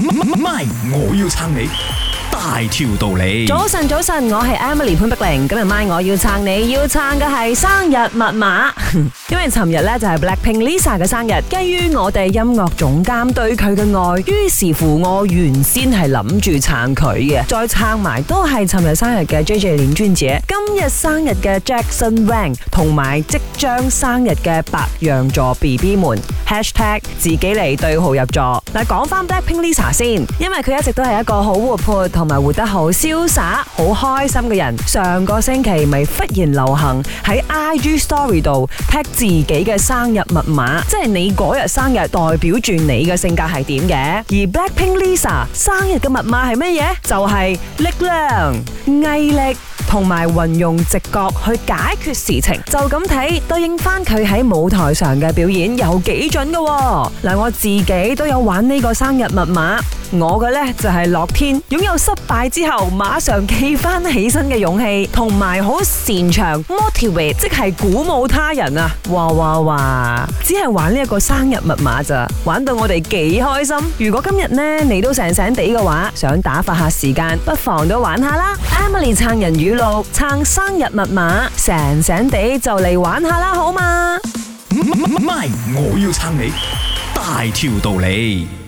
M，M，MY，我要撐你。大條道理，早晨早晨，我係 Emily 潘碧玲，今日 MY 我要撐你，要撐嘅係生日密碼，因為尋日咧就係 Blackpink Lisa 嘅生日，基於我哋音樂總監對佢嘅愛，於是乎我原先係諗住撐佢嘅，再撐埋都係尋日生日嘅 JJ 林俊傑，今日生日嘅 Jackson Wang 同埋即將生日嘅白羊座 BB 們，#自己嚟對號入座。嗱，講翻 Blackpink Lisa 先，因為佢一直都係一個好活潑同。同埋活得好瀟灑、好開心嘅人，上個星期咪忽然流行喺 IG Story 度 pick 自己嘅生日密碼，即係你嗰日生日代表住你嘅性格係點嘅。而 BLACKPINK Lisa 生日嘅密碼係乜嘢？就係、是、力量、毅力同埋運用直覺去解決事情。就咁睇對應翻佢喺舞台上嘅表演有幾準㗎，哦。嗱，我自己都有玩呢個生日密碼。我嘅呢就係樂天，擁有失敗之後馬上企翻起身嘅勇氣，同埋好擅長 motivate，即係鼓舞他人啊！哇哇哇！只係玩呢一個生日密碼咋，玩到我哋幾開心。如果今日呢你都成醒地嘅話，想打發下時間，不妨都玩下啦。Emily 撐人語錄，撐生日密碼，成醒地就嚟玩下啦，好嘛？唔係，我要撐你，大條道理。